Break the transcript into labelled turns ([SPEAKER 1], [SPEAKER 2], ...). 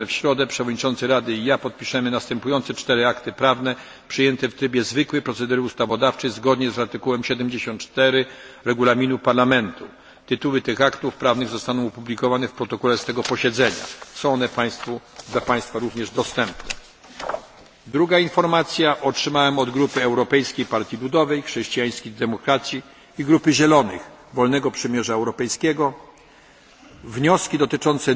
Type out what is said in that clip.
[SPEAKER 1] w środę przewodniczący rady i ja podpiszemy następujące cztery akty prawne przyjęte w trybie zwykłej procedury ustawodawczej zgodnie z artykułem siedemdziesiąt cztery regulaminu parlamentu. tytuły tych aktów prawnych zostaną opublikowane w protokole z tego posiedzenia. są one dla państwa również dostępne. druga informacja otrzymałem od grupy europejskiej partii ludowej chrześcijańskich demokratów i grupy zielonych wolnego przymierza europejskiego wnioski dotyczące